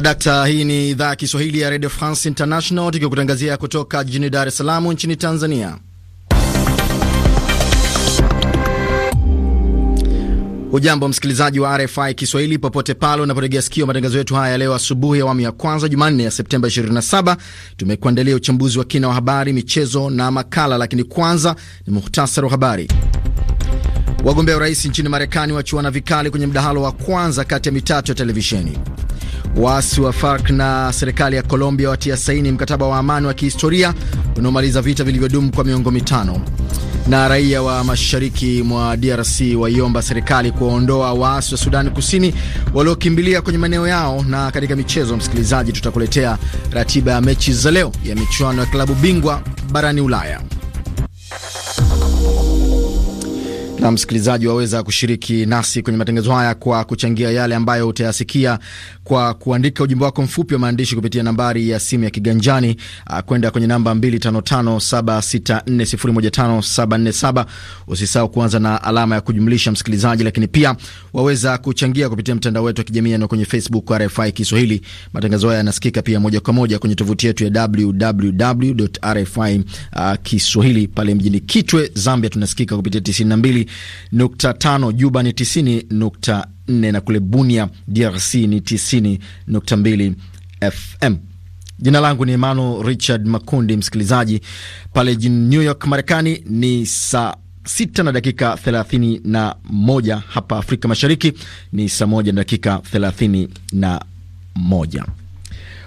dakta hii ni idhaa ya Kiswahili ya Radio France International tukikutangazia kutoka jijini Dar es Salaam nchini Tanzania. Ujambo msikilizaji wa RFI Kiswahili popote pale unapotegea sikio matangazo yetu haya leo asubuhi, awamu ya kwanza, Jumanne ya Septemba 27. Tumekuandalia uchambuzi wa kina wa habari, michezo na makala, lakini kwanza ni muhtasari wa habari. Wagombea urais nchini Marekani wachuana vikali kwenye mdahalo wa kwanza kati ya mitatu ya televisheni Waasi wa FARC na serikali ya Colombia watia saini mkataba wa amani wa kihistoria unaomaliza vita vilivyodumu kwa miongo mitano. Na raia wa mashariki mwa DRC waiomba serikali kuwaondoa waasi wa Sudani Kusini waliokimbilia kwenye maeneo yao. Na katika michezo, msikilizaji, tutakuletea ratiba ya mechi za leo ya michuano ya klabu bingwa barani Ulaya. Na msikilizaji waweza kushiriki nasi kwenye matangazo haya kwa kuchangia yale ambayo utayasikia kwa kuandika ujumbe wako mfupi wa maandishi kupitia nambari ya simu ya kiganjani ah, kwenda kwenye namba 255764015747. Usisahau kuanza na alama ya kujumlisha msikilizaji, lakini pia waweza kuchangia kupitia mtandao wetu wa kijamii na yaani kwenye Facebook RFI Kiswahili. Matangazo haya yanasikika pia moja kwa moja kwenye tovuti yetu ya www.rfi.kiswahili. Ah, Pale mjini Kitwe, Zambia tunasikika kupitia 92 90.5, Juba ni 90.4 na kule Bunia DRC ni 90.2 FM. Jina langu ni Emmanuel Richard Makundi. Msikilizaji pale jijini New York Marekani ni saa sita na dakika thelathini na moja. Hapa Afrika Mashariki ni saa moja na dakika thelathini na moja.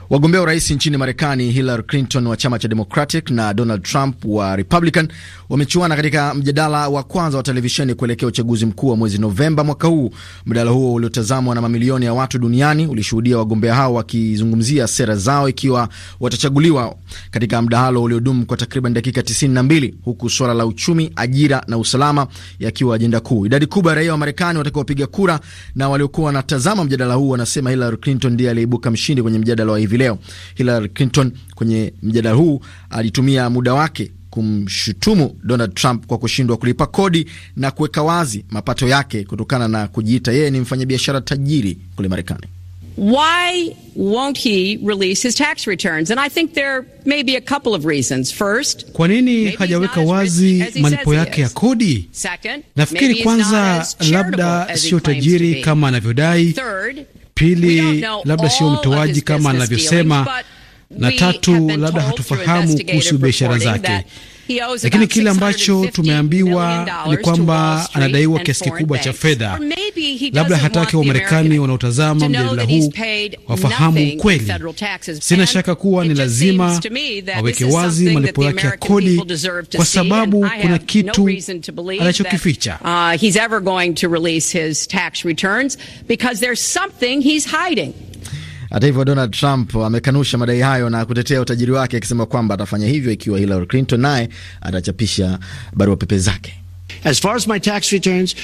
Wagombea urais nchini Marekani, Hillary Clinton wa chama cha Democratic na Donald Trump wa Republican wamechuana katika mjadala wa kwanza wa televisheni kuelekea uchaguzi mkuu wa mwezi Novemba mwaka huu. Mjadala huo uliotazamwa na mamilioni ya watu duniani ulishuhudia wagombea hao wakizungumzia sera zao ikiwa watachaguliwa, katika mdahalo uliodumu kwa takriban dakika 92 huku suala la uchumi, ajira na usalama yakiwa ajenda kuu. Idadi kubwa ya raia wa Marekani watakaopiga kura na waliokuwa wanatazama mjadala huu wanasema Hillary Clinton ndiye aliyeibuka mshindi kwenye mjadala wa hivi leo. Hillary Clinton kwenye mjadala huu alitumia muda wake kumshutumu Donald Trump kwa kushindwa kulipa kodi na kuweka wazi mapato yake kutokana na kujiita yeye ni mfanyabiashara tajiri kule Marekani. Why won't he release his tax returns? And I think there may be a couple of reasons. First, kwa nini hajaweka wazi malipo yake ya kodi? nafikiri kwanza labda sio tajiri kama anavyodai. Third, pili labda sio mtoaji kama anavyosema, na tatu labda hatufahamu kuhusu biashara zake lakini kile ambacho tumeambiwa ni kwamba anadaiwa kiasi kikubwa cha fedha. Labda hataki Wamarekani wanaotazama mjadala huu wafahamu ukweli. Sina shaka kuwa ni lazima waweke wazi malipo yake ya kodi, kwa sababu kuna kitu anachokificha. Uh, hata hivyo, Donald Trump amekanusha madai hayo na kutetea utajiri wake akisema kwamba atafanya hivyo ikiwa Hillary Clinton naye atachapisha barua pepe zake. As far as my tax returns,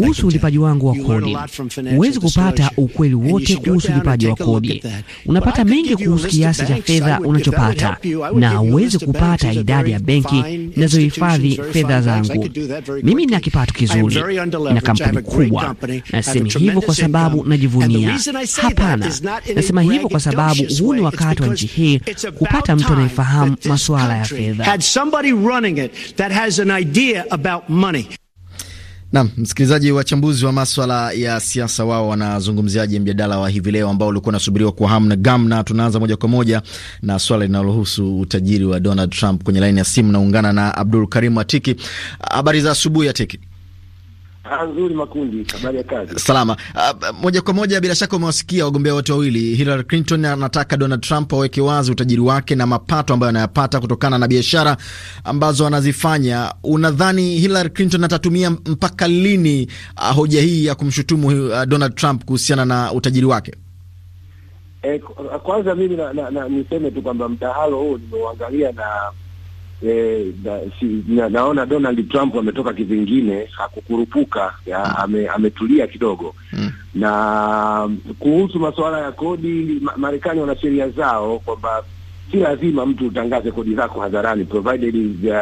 kuhusu ulipaji wangu wa kodi. Huwezi kupata ukweli wote kuhusu ulipaji wa kodi. Unapata mengi kuhusu kiasi cha fedha unachopata, na huwezi kupata idadi ya benki inazohifadhi fedha zangu. Mimi nina kipato kizuri na kampuni kubwa, na hivyo kwa sababu najivunia. Hapana, nasema hivyo kwa sababu huu ni wakati wa nchi hii kupata mtu anayefahamu masuala ya fedha. Nam msikilizaji, wachambuzi wa maswala ya siasa wao wanazungumziaje mjadala wa hivi leo ambao ulikuwa unasubiriwa kwa hamu na Na tunaanza moja kwa moja na swala linalohusu utajiri wa Donald Trump. Kwenye laini ya simu naungana na Abdul Karimu Atiki. Habari za asubuhi Atiki. Ah, nzuri makundi, habari ya kazi. Salama. Uh, moja kwa moja, bila shaka umewasikia wagombea wote wawili. Hillary Clinton anataka Donald Trump aweke wazi utajiri wake na mapato ambayo anayapata kutokana na biashara ambazo anazifanya. Unadhani Hillary Clinton atatumia mpaka lini uh, hoja hii ya kumshutumu uh, Donald Trump kuhusiana na utajiri wake? Eh, kwanza mimi na, na, na, niseme tu kwamba mdahalo huu nimeuangalia na eh, da, si, na, naona Donald Trump ametoka kivingine, hakukurupuka, hmm. ametulia ame kidogo mm. Na kuhusu masuala ya kodi, Marekani wana sheria zao kwamba si lazima mtu utangaze kodi zako hadharani provided uh,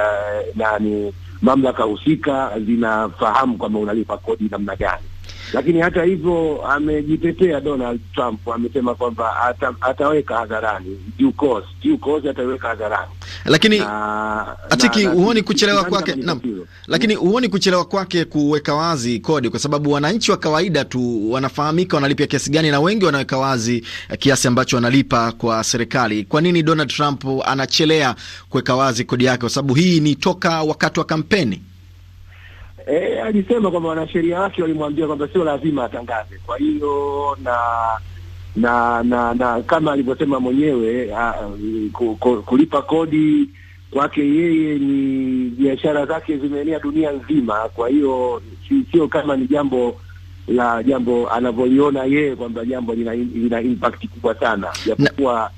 nani mamlaka husika zinafahamu kwamba unalipa kodi namna gani. Lakini hata hivyo amejitetea Donald Trump, amesema kwamba ata, ataweka hadharani due course, due course ataweka hadharani. Lakini na, atiki huoni kuchelewa kwake na, lakini huoni kuchelewa kwake kuweka wazi kodi, kwa sababu wananchi wa kawaida tu wanafahamika wanalipia kiasi gani, na wengi wanaweka wazi kiasi ambacho wanalipa kwa serikali. Kwa nini Donald Trump anachelea kuweka wazi kodi yake? Kwa sababu hii ni toka wakati wa kampeni. E, alisema kwamba wanasheria wake walimwambia kwamba sio lazima atangaze. Kwa hiyo na na na, na kama alivyosema mwenyewe ha, ku, ku, kulipa kodi kwake yeye ni biashara zake zimeenea dunia nzima. Kwa hiyo sio kama ni jambo la jambo anavyoliona yeye kwamba jambo lina, lina impact kubwa sana, japokuwa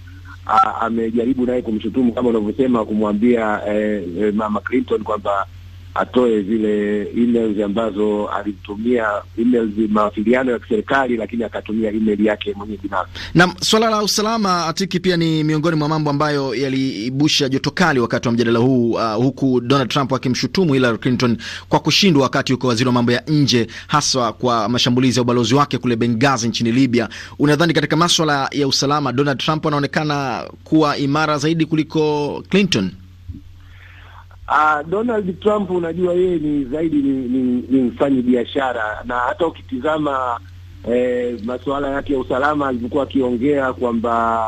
amejaribu naye kumshutumu kama unavyosema, kumwambia eh, eh, Mama Clinton kwamba atoe zile emails ambazo alitumia emails mawasiliano ya kiserikali, lakini akatumia email yake mwenyewe binafsi. Na swala la usalama atiki pia ni miongoni mwa mambo ambayo yaliibusha joto kali wakati wa mjadala huu, uh, huku Donald Trump akimshutumu Hillary Clinton kwa kushindwa wakati yuko waziri wa mambo ya nje, haswa kwa mashambulizi ya ubalozi wake kule Benghazi nchini Libya. Unadhani katika maswala ya usalama Donald Trump anaonekana kuwa imara zaidi kuliko Clinton? Uh, Donald Trump unajua yeye ni zaidi ni, ni, ni mfanyi biashara na hata ukitizama eh, masuala yake ya usalama alivyokuwa akiongea kwamba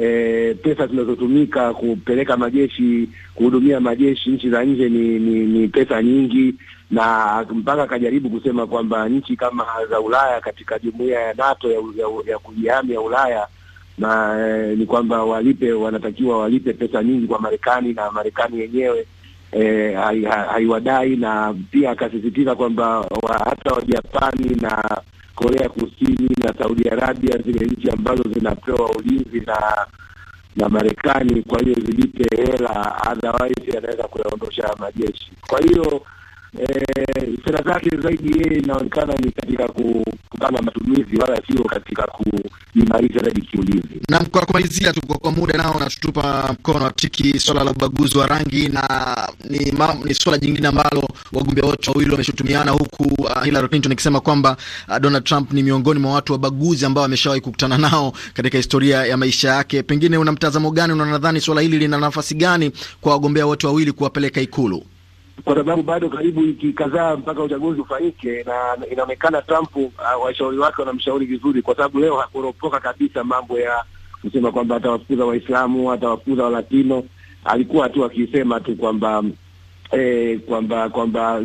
eh, pesa zinazotumika kupeleka majeshi kuhudumia majeshi nchi za nje ni, ni, ni pesa nyingi, na mpaka akajaribu kusema kwamba nchi kama za Ulaya katika jumuiya ya NATO ya, ya, ya kujihami ya Ulaya na eh, ni kwamba walipe wanatakiwa walipe pesa nyingi kwa Marekani na Marekani yenyewe eh, haiwadai hai na pia akasisitiza kwamba wa, hata Wajapani na Korea Kusini na Saudi Arabia zile nchi ambazo zinapewa ulinzi na na Marekani, kwa hiyo zilipe hela, otherwise anaweza kuyaondosha majeshi. Kwa hiyo eh, sera zake zaidi yeye inaonekana ni katika kupanga matumizi, wala sio katika kuimarisha zaidi kiulizi. Na kwa kumalizia tu, kwa muda nao natutupa mkono atiki swala la ubaguzi wa rangi, na ni, ma, ni swala jingine ambalo wagombea wote wawili wameshutumiana, huku uh, Hillary Clinton akisema kwamba uh, Donald Trump ni miongoni mwa watu wabaguzi ambao ameshawahi kukutana nao katika historia ya maisha yake. Pengine una mtazamo gani? Unanadhani swala hili lina nafasi gani kwa wagombea wote wawili kuwapeleka Ikulu? kwa sababu bado karibu wiki kadhaa mpaka uchaguzi ufanyike, na inaonekana Trump uh, washauri wake wanamshauri vizuri, kwa sababu leo hakuropoka kabisa mambo ya kusema kwamba atawafukuza Waislamu, atawafukuza Walatino. Alikuwa tu akisema tu kwamba eh, kwamba kwamba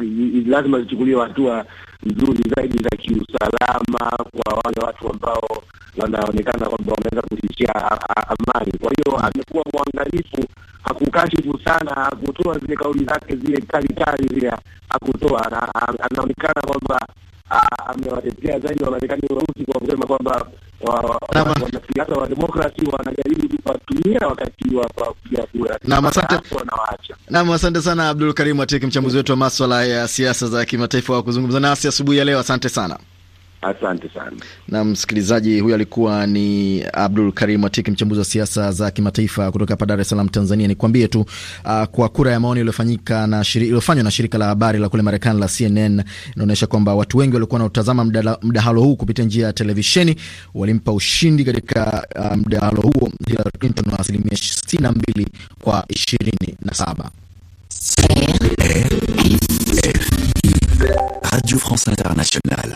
lazima zichukuliwe hatua nzuri zaidi za kiusalama kwa wale watu ambao wanaonekana kwamba wanaweza kutishia amani. Kwa hiyo amekuwa mwangalifu hakukashifu sana, hakutoa zile kauli zake zile kali kali zile, hakutoa na anaonekana kwamba amewatetea zaidi Wamarekani weusi kwa kusema kwamba wanasiasa wa demokrasi wanajaribu kuwatumia wakati wa kupiga kura. Naam, asante sana Abdul Karimu Atiki, mchambuzi wetu wa maswala ya siasa za kimataifa, wa kuzungumza nasi asubuhi ya leo. Asante sana. Asante sana. Na msikilizaji huyo alikuwa ni Abdul Karim Atiki, mchambuzi wa siasa za kimataifa kutoka hapa Dar es Salaam, Tanzania. Nikwambie tu uh, kwa kura ya maoni iliyofanyika na iliyofanywa na shirika la habari la kule Marekani la CNN inaonyesha kwamba watu wengi walikuwa wanautazama mdahalo huu kupitia njia ya televisheni walimpa ushindi katika uh, mdahalo huo Hillary Clinton wa asilimia 62 kwa 27. Radio France Internationale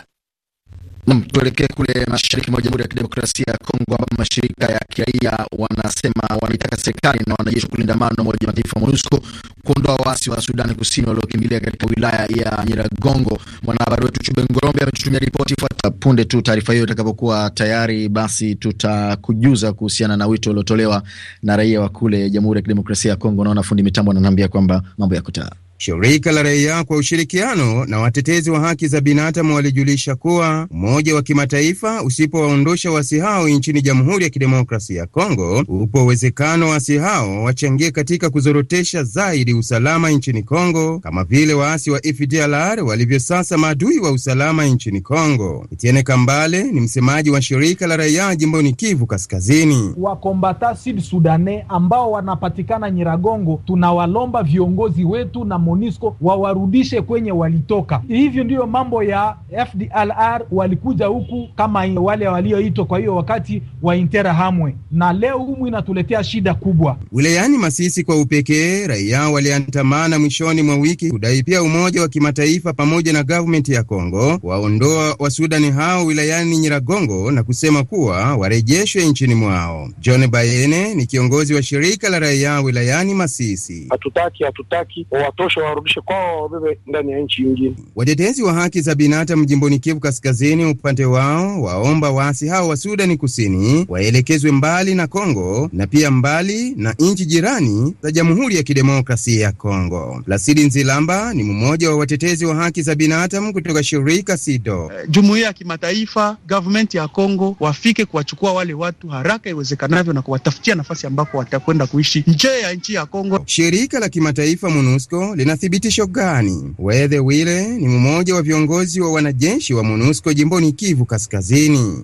tuelekee kule mashariki mwa Jamhuri ya Kidemokrasia ya Kongo ambapo mashirika ya kiraia wanasema wanaitaka serikali na wanajeshi kulinda amani na Umoja wa Mataifa MONUSCO kuondoa waasi wa Sudani Kusini waliokimbilia katika wilaya ya Nyiragongo. Mwanahabari wetu Chube Ngorombe ametutumia ripoti fuata. Punde tu taarifa hiyo itakapokuwa tayari, basi tutakujuza kuhusiana na wito uliotolewa na raia wa kule Jamhuri ya Kidemokrasia ya Kongo. Naona fundi mitambo ananiambia kwamba mambo yako tayari. Shirika la raia kwa ushirikiano na watetezi wa haki za binadamu walijulisha kuwa Umoja wa Kimataifa usipowaondosha wasi hao nchini Jamhuri ya Kidemokrasia ya Kongo, upo uwezekano wasi hao wachangie katika kuzorotesha zaidi usalama nchini Kongo, kama vile waasi wa FDLR walivyo sasa maadui wa usalama nchini Kongo. Etienne Kambale ni msemaji wa shirika la raia jimboni Kivu Kaskazini. Wakombata Sud Sudane ambao wanapatikana Nyiragongo, tunawalomba viongozi wetu na MONUSCO wawarudishe kwenye walitoka. Hivyo ndiyo mambo ya FDLR, walikuja huku kama wale walioitwa kwa hiyo wakati wa Interahamwe, na leo humu inatuletea shida kubwa wilayani Masisi. Kwa upekee raia waliandamana mwishoni mwa wiki kudai pia umoja wa kimataifa pamoja na gavumenti ya Kongo waondoa wasudani hao wilayani Nyiragongo na kusema kuwa warejeshwe nchini mwao. John Bayene ni kiongozi wa shirika la raia wilayani Masisi. hatutaki hatutaki watosha kisha warudishe kwao wabebe ndani ya nchi nyingine. Watetezi wa haki za binadamu jimboni Kivu Kaskazini upande wao waomba waasi hao wa Sudani Kusini waelekezwe mbali na Kongo na pia mbali na nchi jirani za Jamhuri ya Kidemokrasia ya Kongo. Lasidi Nzilamba ni mmoja wa watetezi wa haki za binadamu kutoka shirika SIDO. Eh, jumuiya ya kimataifa, gavumenti ya Kongo wafike kuwachukua wale watu haraka iwezekanavyo na kuwatafutia nafasi ambako watakwenda kuishi nje ya nchi ya Kongo. Shirika la kimataifa MONUSCO Lina thibitisho gani? Wethe Wile ni mmoja wa viongozi wa wanajeshi wa MONUSCO jimboni Kivu Kaskazini.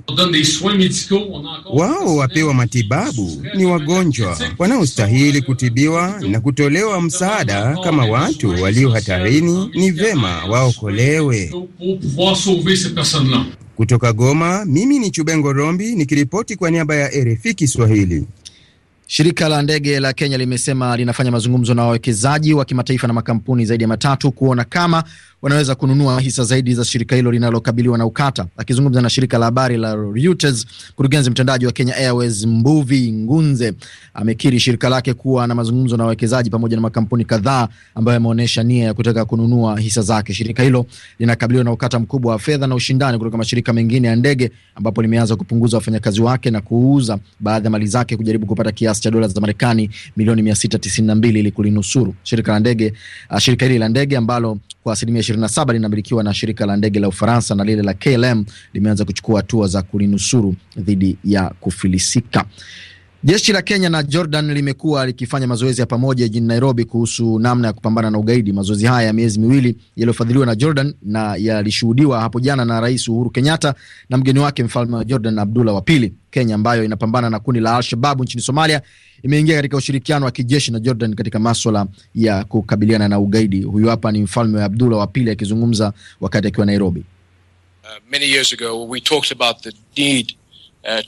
Wao wapewa matibabu ni wagonjwa wanaostahili kutibiwa na kutolewa msaada. Kama watu walio hatarini, ni vema waokolewe. Kutoka Goma, mimi ni Chubengo Rombi nikiripoti kwa niaba ya RFI Kiswahili. Shirika la ndege la Kenya limesema linafanya mazungumzo na wawekezaji wa kimataifa na makampuni zaidi ya matatu kuona kama wanaweza kununua hisa zaidi za shirika hilo linalokabiliwa na ukata. Akizungumza na shirika la habari la Reuters, mkurugenzi mtendaji wa Kenya Airways Mbuvi Ngunze amekiri shirika lake kuwa na mazungumzo na wawekezaji pamoja na makampuni kadhaa ambayo yameonyesha nia ya kutaka kununua hisa zake. Shirika hilo linakabiliwa na ukata mkubwa wa fedha na ushindani kutoka mashirika mengine ya ndege, ambapo limeanza kupunguza wafanyakazi wake na kuuza baadhi ya mali zake kujaribu kupata kiasi kiasi cha dola za Marekani milioni 692 ili kulinusuru shirika la ndege uh, shirika hili la ndege ambalo kwa asilimia 27 linamilikiwa na shirika la ndege la Ufaransa na lile la KLM limeanza kuchukua hatua za kulinusuru dhidi ya kufilisika. Jeshi la Kenya na Jordan limekuwa likifanya mazoezi ya pamoja jijini Nairobi kuhusu namna ya kupambana na ugaidi. Mazoezi haya ya miezi miwili yaliyofadhiliwa na Jordan na yalishuhudiwa hapo jana na Rais Uhuru Kenyatta na mgeni wake mfalme wa Jordan Abdullah wa pili. Kenya ambayo inapambana na kundi la Al-Shababu nchini Somalia imeingia katika ushirikiano wa kijeshi na Jordan katika maswala ya kukabiliana na ugaidi. Huyu hapa ni mfalme wa Abdullah wa pili akizungumza wakati akiwa Nairobi. Uh, many years ago, we talked about the need Uh,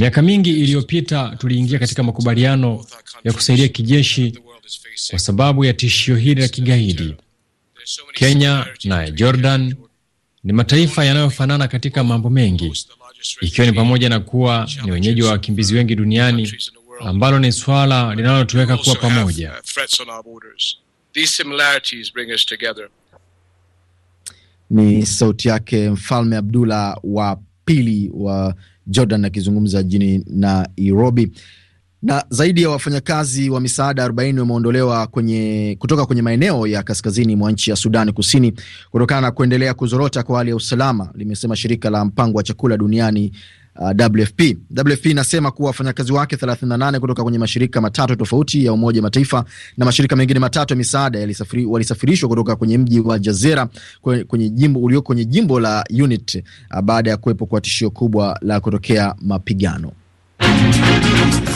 Miaka mingi iliyopita tuliingia katika makubaliano ya kusaidia kijeshi kwa sababu ya tishio hili la kigaidi. Kenya na Jordan ni mataifa yanayofanana katika mambo mengi, ikiwa ni pamoja na kuwa ni wenyeji wa wakimbizi wengi duniani, ambalo ni swala linalotuweka kuwa pamoja. Uh, ni sauti yake Mfalme Abdullah wa pili wa Jordan akizungumza jijini Nairobi. Na zaidi ya wafanyakazi wa misaada 40 wameondolewa kwenye, kutoka kwenye maeneo ya kaskazini mwa nchi ya Sudan Kusini kutokana na kuendelea kuzorota kwa hali ya usalama, limesema shirika la mpango wa chakula duniani uh, WFP. WFP inasema kuwa wafanyakazi wake 38 kutoka kwenye mashirika matatu tofauti ya Umoja Mataifa na mashirika mengine matatu ya misaada yalisafiri, walisafirishwa kutoka kwenye mji wa Jazera kwenye jimbo ulioko kwenye jimbo la Unity uh, baada ya kuwepo kwa tishio kubwa la kutokea mapigano.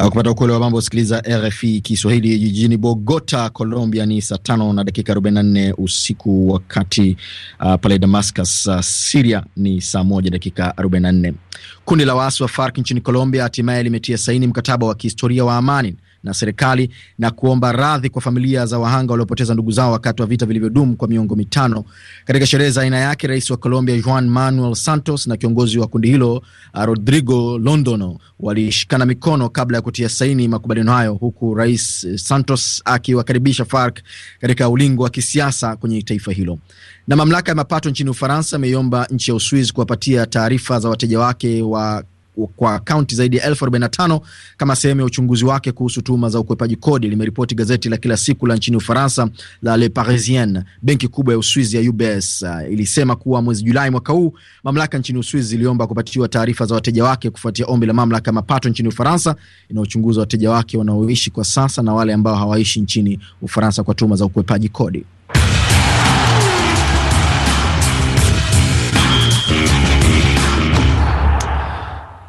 Uh, kupata ukweli wa mambo, sikiliza RFI Kiswahili jijini Bogota, Colombia. Ni saa tano na dakika 44 usiku, wakati uh, pale Damascus uh, Siria ni saa moja dakika 44. Kundi la waasi wa FARC nchini Colombia hatimaye limetia saini mkataba wa kihistoria wa amani na serikali na kuomba radhi kwa familia za wahanga waliopoteza ndugu zao wakati wa vita vilivyodumu kwa miongo mitano. Katika sherehe za aina yake, rais wa Colombia Juan Manuel Santos na kiongozi wa kundi hilo ah, Rodrigo Londono walishikana mikono kabla ya kutia saini makubaliano hayo, huku rais Santos akiwakaribisha FARC katika ulingo wa kisiasa kwenye taifa hilo. Na mamlaka ya mapato nchini Ufaransa ameiomba nchi ya Uswizi kuwapatia taarifa za wateja wake wa kwa kaunti zaidi ya elfu arobaini na tano kama sehemu ya uchunguzi wake kuhusu tuhuma za ukwepaji kodi, limeripoti gazeti la kila siku la nchini Ufaransa la Le Parisien. Benki kubwa ya Uswizi ya UBS uh, ilisema kuwa mwezi Julai mwaka huu mamlaka nchini Uswizi iliomba kupatiwa taarifa za wateja wake kufuatia ombi la mamlaka ya mapato nchini Ufaransa inayochunguza wateja wake wanaoishi kwa sasa na wale ambao hawaishi nchini Ufaransa kwa tuhuma za ukwepaji kodi.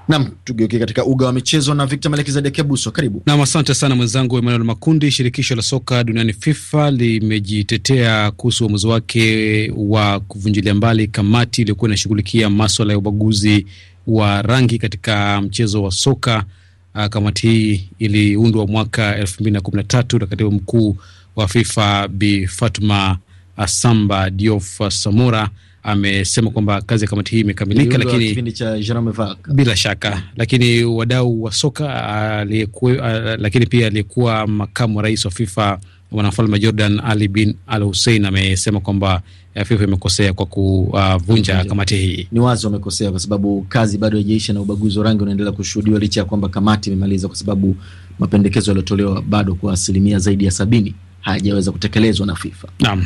Nam, tugeukie katika uga wa michezo na Victor Melkizedek Kabuso, karibu. Nam, asante sana mwenzangu Emmanuel Makundi. Shirikisho la soka duniani FIFA limejitetea kuhusu uamuzi wake wa kuvunjilia mbali kamati iliyokuwa inashughulikia maswala ya ubaguzi wa rangi katika mchezo wa soka. Ah, kamati hii iliundwa mwaka elfu mbili na kumi na tatu na katibu mkuu wa FIFA Bi Fatma Asamba Diof Samora amesema kwamba kazi ya kamati hii imekamilika, lakini bila shaka, lakini wadau wa soka aliyekuwa, lakini pia aliyekuwa makamu wa rais wa FIFA mwanamfalme Jordan Ali bin Al Hussein amesema kwamba eh, FIFA imekosea kwa kuvunja uh, kamati hii. Ni wazi wamekosea, kwa sababu kazi bado haijaisha na ubaguzi wa rangi unaendelea kushuhudiwa licha ya kwamba kamati imemaliza, kwa sababu mapendekezo yaliyotolewa bado kwa asilimia zaidi ya sabini hayajaweza kutekelezwa na FIFA. Naam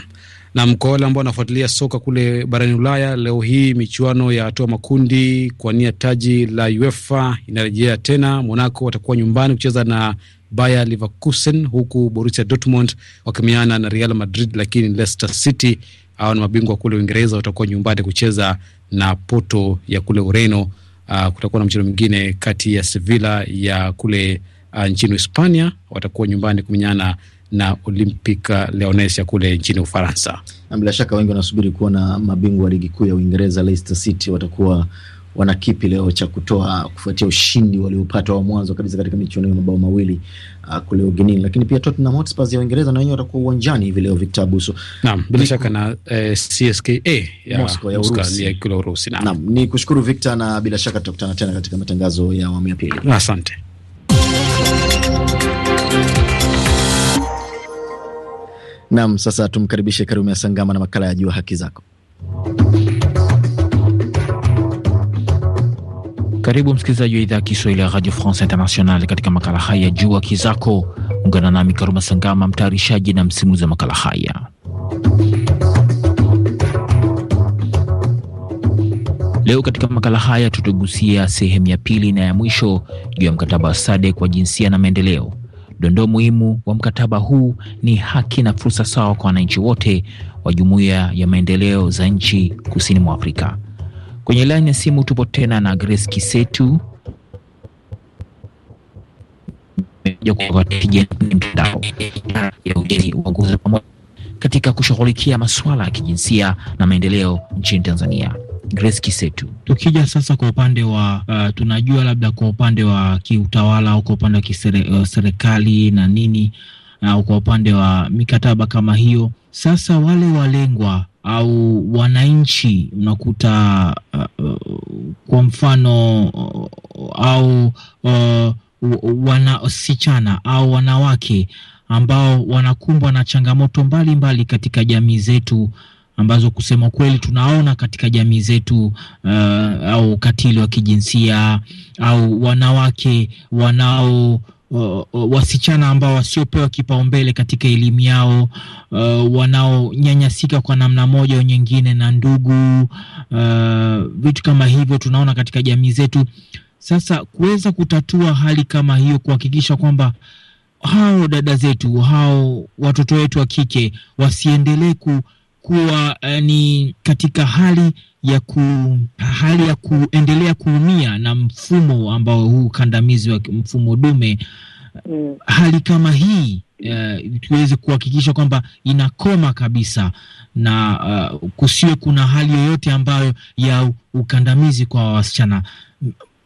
na kwa wale ambao wanafuatilia soka kule barani Ulaya, leo hii michuano ya hatua makundi kwa nia taji la UEFA inarejea tena. Monaco watakuwa nyumbani kucheza na Bayer Leverkusen, huku Borussia Dortmund wakimiana na Real Madrid, lakini Leicester City au ni mabingwa kule Uingereza watakuwa nyumbani kucheza na Porto ya kule Ureno. Uh, kutakuwa na mchezo mwingine kati ya Sevilla ya kule uh, nchini Hispania, watakuwa nyumbani kumenyana na Olympic Lyonnais ya kule nchini Ufaransa. Na Bila shaka wengi wanasubiri kuona mabingwa wa ligi kuu ya Uingereza Leicester City watakuwa wana kipi leo cha kutoa kufuatia ushindi waliopata wa mwanzo kabisa katika michuano ya mabao mawili uh, kule ugenini. Lakini pia Tottenham Hotspur ya Uingereza na wenyewe watakuwa uwanjani hivi leo, Victor Abuso. Naam, bila shaka na eh, CSKA ya Moscow ya Urusi ya kule Urusi. Naam, ni kushukuru Victor, na bila shaka tutakutana tena katika matangazo ya awamu ya pili. Asante. Nam, sasa tumkaribishe Karume ya Sangama na makala ya Jua Haki Zako. Karibu msikilizaji wa idhaa ya Kiswahili ya Radio France International katika makala haya Jua Haki Zako. Ungana nami Karume Sangama, mtayarishaji na msimuzi wa makala haya. Leo katika makala haya tutagusia sehemu ya pili na ya mwisho juu ya mkataba wa SADC wa jinsia na maendeleo Dondoo muhimu wa mkataba huu ni haki na fursa sawa kwa wananchi wote wa Jumuiya ya Maendeleo za Nchi Kusini mwa Afrika. Kwenye laini ya simu tupo tena na Grace Kisetu katika kushughulikia masuala ya kijinsia na maendeleo nchini Tanzania. Grace Kisetu. Tukija sasa kwa upande wa uh, tunajua labda kwa upande wa kiutawala au kwa upande wa kiserikali uh, na nini au uh, kwa upande wa mikataba kama hiyo, sasa wale walengwa au wananchi unakuta uh, uh, kwa mfano uh, au uh, wanasichana au wanawake ambao wanakumbwa na changamoto mbalimbali mbali katika jamii zetu ambazo kusema kweli tunaona katika jamii zetu uh, au ukatili wa kijinsia au wanawake wanao uh, wasichana ambao wasiopewa kipaumbele katika elimu yao, uh, wanaonyanyasika kwa namna moja au nyingine na ndugu, uh, vitu kama hivyo tunaona katika jamii zetu. Sasa kuweza kutatua hali kama hiyo, kuhakikisha kwamba hao dada zetu, hao watoto wetu wa kike wasiendelee kuwa eh, ni katika hali ya ku, hali ya kuendelea kuumia na mfumo ambao huu kandamizi wa mfumo dume mm. Hali kama hii uh, tuweze kuhakikisha kwamba inakoma kabisa na uh, kusiwe kuna hali yoyote ambayo ya ukandamizi kwa wasichana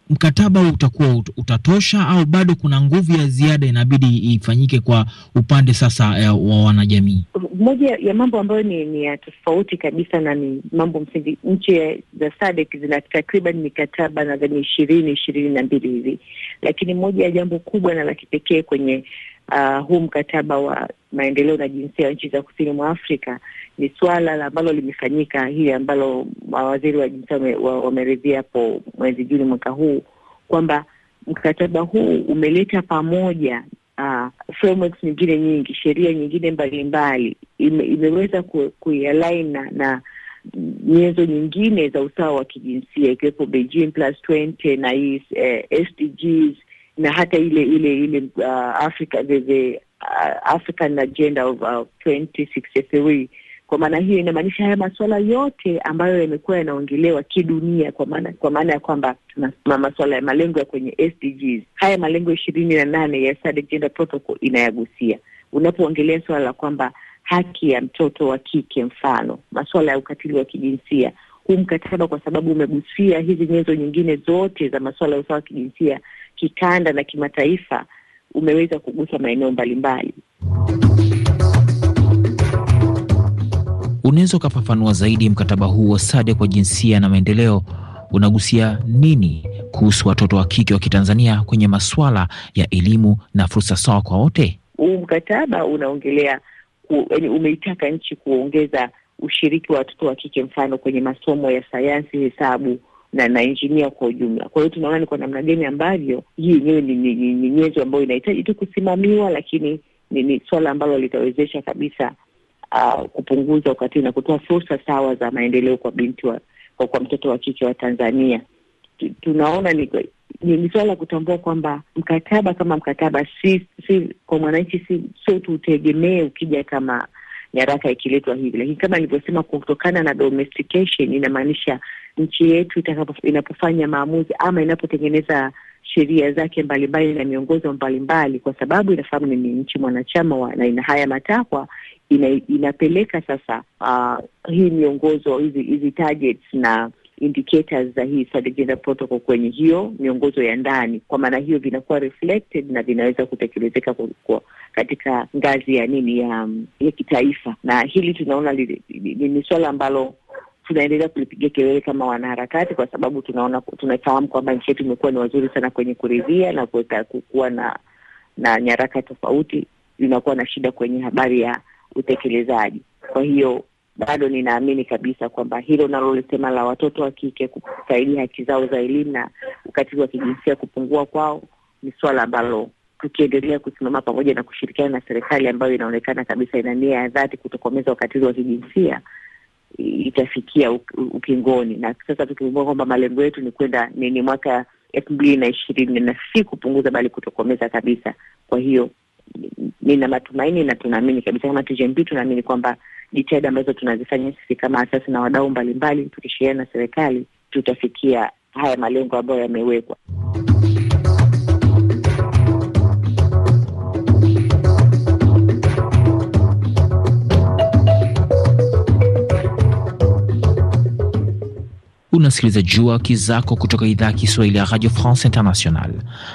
mkataba huu utakuwa utatosha au bado kuna nguvu ya ziada inabidi ifanyike kwa upande sasa eh, wa wanajamii? Moja ya mambo ambayo ni, ni ya tofauti kabisa na ni mambo msingi, nchi za SADC zina takriban mikataba nadhani ishirini ishirini na mbili hivi, lakini moja ya jambo kubwa na la kipekee kwenye uh, huu mkataba wa maendeleo na jinsia ya nchi za kusini mwa Afrika ni swala ambalo limefanyika hili ambalo mawaziri wa jinsia wameridhia hapo mwezi Juni mwaka huu kwamba mkataba huu umeleta pamoja uh, frameworks nyingine nyingi, sheria nyingine mbalimbali ime, imeweza kuialign na, na nyenzo nyingine za usawa wa kijinsia ikiwepo Beijing plus 20 na hii eh, SDGs na hata ile ile ile uh, Africa the, the, uh, African agenda of uh, 2063 kwa maana hiyo inamaanisha haya masuala yote ambayo yamekuwa yanaongelewa kidunia, kwa maana kwa maana ya kwamba masuala ya malengo ya kwenye SDGs, haya malengo ishirini na nane ya SADC Gender Protocol inayagusia. Unapoongelea suala la kwamba haki ya mtoto wa kike, mfano masuala ya ukatili wa kijinsia, huu mkataba kwa sababu umegusia hizi nyenzo nyingine zote za masuala ya usawa wa kijinsia kikanda na kimataifa, umeweza kugusa maeneo mbalimbali unaweza ukafafanua zaidi mkataba huu wa SADC kwa jinsia na maendeleo unagusia nini kuhusu watoto wa kike wa Kitanzania kwenye masuala ya elimu na fursa sawa kwa wote? Huu mkataba unaongelea yaani, umeitaka nchi kuongeza ushiriki wa watoto wa kike, mfano kwenye masomo ya sayansi, hesabu na na injinia kwa ujumla. Kwa hiyo tunaona ni kwa namna gani ambavyo hii yenyewe ni, ni, ni, ni nyenzo ambayo inahitaji tu kusimamiwa, lakini ni, ni swala ambalo litawezesha kabisa uh, kupunguza ukatili na kutoa fursa sawa za maendeleo kwa binti wa, kwa, mtoto wa kike wa Tanzania. T tunaona ni, ni, ni suala la kutambua kwamba mkataba kama mkataba si, si kwa mwananchi sio si tuutegemee ukija kama nyaraka ikiletwa hivi, lakini kama nilivyosema, kutokana na domestication inamaanisha nchi yetu inapofanya maamuzi ama inapotengeneza sheria zake mbalimbali na miongozo mbalimbali, kwa sababu inafahamu ni nchi mwanachama wa, na ina haya matakwa ina, inapeleka sasa uh, hii miongozo hizi hizi targets na indicators za hii Agenda Protocol kwenye hiyo miongozo ya ndani. Kwa maana hiyo vinakuwa reflected na vinaweza kutekelezeka kwa, kwa katika ngazi ya nini ya, ya kitaifa, na hili tunaona ni suala ambalo tunaendelea kulipigia kelele kama wanaharakati, kwa sababu tunaona tunafahamu kwamba nchi yetu imekuwa ni wazuri sana kwenye kuridhia na kuweka kukuwa na na nyaraka tofauti, inakuwa na shida kwenye habari ya utekelezaji. Kwa hiyo bado ninaamini kabisa kwamba hilo unalolisema la watoto wa kike kusaidi haki zao za elimu na ukatili wa kijinsia kupungua kwao ni suala ambalo tukiendelea kusimama pamoja na kushirikiana na serikali ambayo inaonekana kabisa ina nia ya dhati kutokomeza ukatili wa kijinsia itafikia ukingoni, na sasa tukiumua kwamba malengo yetu ni kwenda ni mwaka elfu mbili na ishirini na si kupunguza, bali kutokomeza kabisa. Kwa hiyo nina matumaini na tunaamini kabisa kama TGMB, tunaamini kwamba jitihada ambazo tunazifanya sisi kama asasi na wadau mbalimbali, tukishiriana na serikali, tutafikia haya malengo ambayo yamewekwa. unasikiliza Jua Haki Zako kutoka idhaa ya Kiswahili ya Radio France International.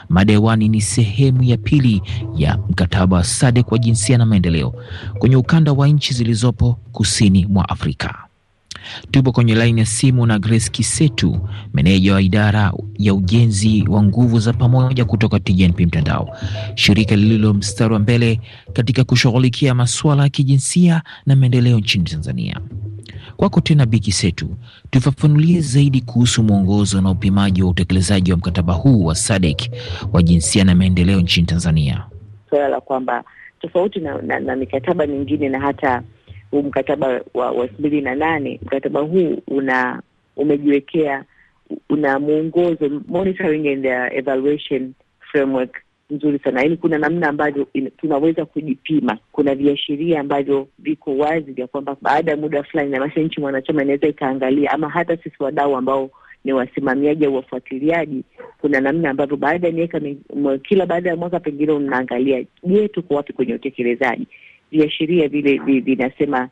Mada ni sehemu ya pili ya mkataba wa SADC wa jinsia na maendeleo kwenye ukanda wa nchi zilizopo kusini mwa Afrika. Tupo kwenye laini ya simu na Grace Kisetu, meneja wa idara ya ujenzi wa nguvu za pamoja kutoka TGNP Mtandao, shirika lililo mstari wa mbele katika kushughulikia masuala ya kijinsia na maendeleo nchini Tanzania. Kwako tena Biki Setu, tufafanulie zaidi kuhusu mwongozo na upimaji wa utekelezaji wa mkataba huu wa SADC wa jinsia na maendeleo nchini Tanzania. Suala la kwamba tofauti na, na, na mikataba mingine na hata huu mkataba wa elfu mbili na nane mkataba huu una umejiwekea una mwongozo monitoring and uh, evaluation framework nzuri sana, yaani kuna namna ambavyo tunaweza kujipima. Kuna viashiria ambavyo viko wazi vya kwamba baada ya muda fulani, namasha nchi mwanachama inaweza ikaangalia, ama hata sisi wadau ambao ni wasimamiaji au wafuatiliaji, kuna namna ambavyo baada ya miaka kila baada ya mwaka pengine unaangalia je, tuko wapi kwenye utekelezaji? Viashiria vile vinasema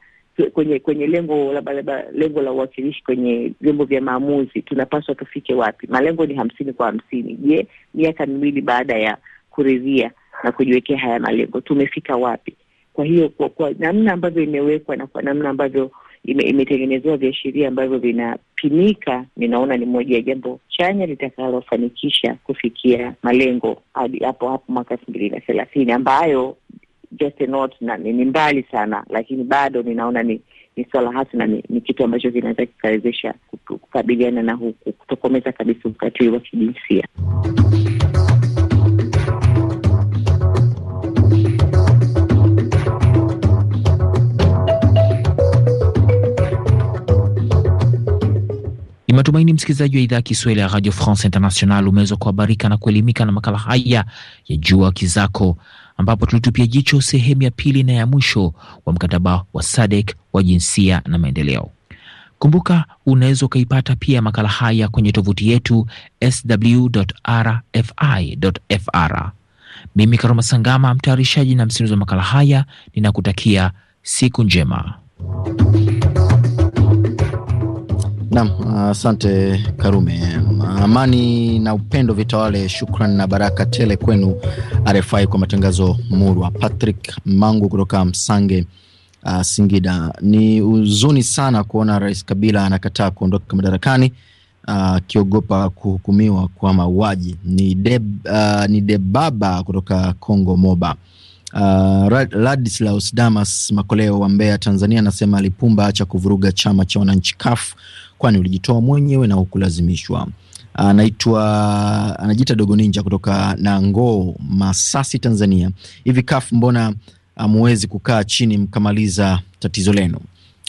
kwenye kwenye lengo labda labda lengo la uwakilishi kwenye vyombo vya maamuzi tunapaswa tufike wapi? Malengo ni hamsini kwa hamsini. Je, miaka miwili baada ya kuridhia na kujiwekea haya malengo, tumefika wapi? Kwa hiyo kwa, kwa namna ambavyo imewekwa na kwa namna ambavyo ime, imetengenezewa viashiria ambavyo vinapimika, ninaona ni moja ya jambo chanya litakalofanikisha kufikia malengo hadi hapo hapo mwaka elfu mbili na thelathini ambayo just a note na ni mbali sana, lakini bado ninaona ni ni swala hasi na ni, ni kitu ambacho kinaweza kikawezesha kukabiliana na huku kutokomeza kabisa ukatili wa kijinsia. matumaini msikilizaji wa idhaa Kiswahili ya Radio France International umeweza kuhabarika na kuelimika na makala haya ya Jua Haki Zako, ambapo tulitupia jicho sehemu ya pili na ya mwisho wa mkataba wa SADC wa jinsia na maendeleo. Kumbuka, unaweza ukaipata pia makala haya kwenye tovuti yetu sw.rfi.fr. Mimi Karoma Sangama, mtayarishaji na msimulizi wa makala haya, ninakutakia siku njema. Naam, asante Karume. Amani na upendo vitawale. Shukran na baraka tele kwenu RFI kwa matangazo murwa. Patrick Mangu kutoka Msange, uh, Singida. Ni huzuni sana kuona Rais Kabila anakataa kuondoka madarakani ah, akiogopa uh, kuhukumiwa kwa mauaji. Ni, deb, uh, ni debaba kutoka Kongo Moba. Uh, Ladislaus Damas Makoleo wa Mbeya, Tanzania, anasema Lipumba acha kuvuruga chama cha wananchi kafu kwani ulijitoa mwenyewe na hukulazimishwa. Ah, anaitwa anajiita Dogo Ninja kutoka Nangoo, Masasi, Tanzania. Hivi kaf mbona hamuwezi ah, kukaa chini mkamaliza tatizo lenu?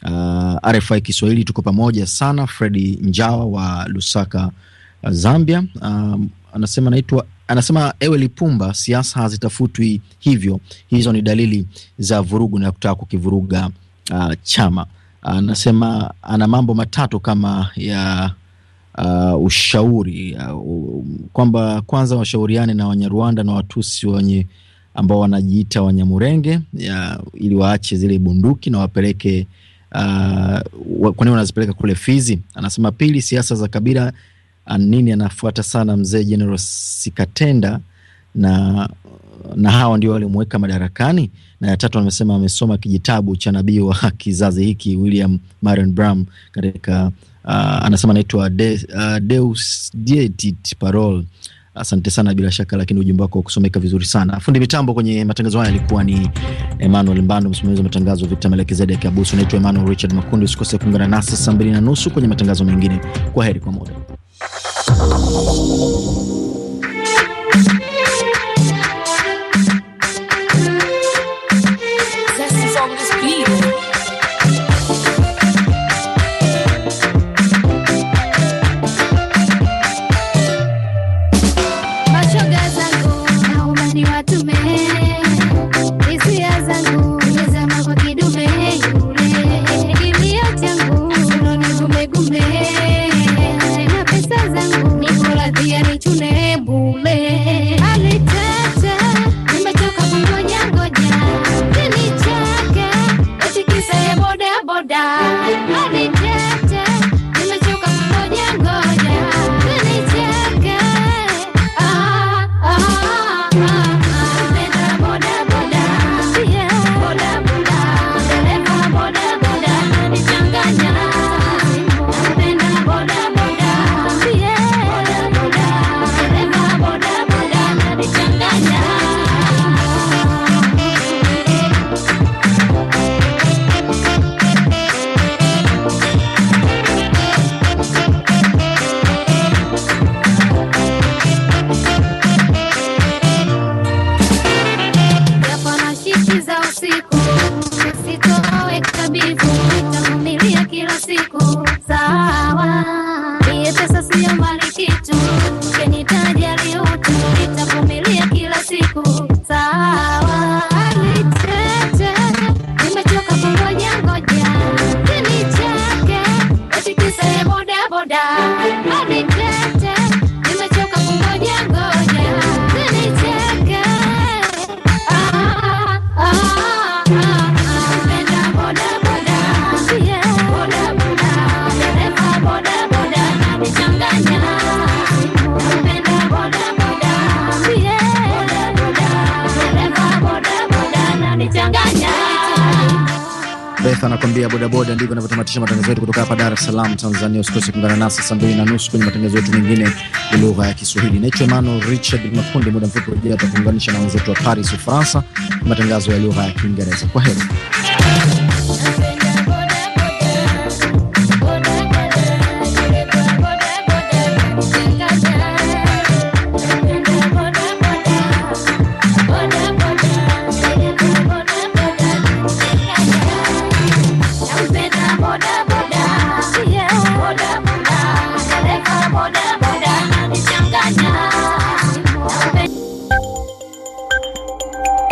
Uh, ah, RFI Kiswahili tuko pamoja sana. Fredi Njawa wa Lusaka, Zambia, um, anasema naitwa anasema ewe Lipumba, siasa hazitafutwi hivyo. Hizo ni dalili za vurugu na kutaka kukivuruga uh, chama anasema ana mambo matatu kama ya uh, ushauri uh, kwamba kwanza washauriane na Wanyarwanda na Watusi wenye ambao wanajiita Wanyamurenge ili waache zile bunduki na wapeleke uh, kwa nini wanazipeleka kule Fizi? Anasema pili, siasa za kabila uh, nini anafuata sana mzee General Sikatenda na na hawa ndio walimweka madarakani, na ya tatu amesema amesoma kijitabu cha nabii wa kizazi hiki William Marion Bram katika uh, anasema anaitwa de, uh, Deus Dietit Parole. Asante sana bila shaka, lakini ujumbe wako kusomeka vizuri sana. Fundi mitambo kwenye matangazo haya alikuwa ni Emmanuel Mbando, msimamizi wa matangazo Victor Melekizede Kabusu. Naitwa Emmanuel Richard Makundi. Usikose kuungana nasi saa mbili na nusu kwenye matangazo mengine. Kwa heri kwa muda. Martha kwambia bodaboda. Ndivyo anavyotamatisha matangazo yetu kutoka hapa Dar es Salaam, Tanzania. Usikose kuungana nasi saa mbili na nusu kwenye matangazo yetu mengine ya lugha ya Kiswahili. Naitwa Emmanuel Richard Makundi. Muda mfupi ujao tutakuunganisha na wenzetu wa Paris, Ufaransa, matangazo ya lugha ya Kiingereza. Kwa heri.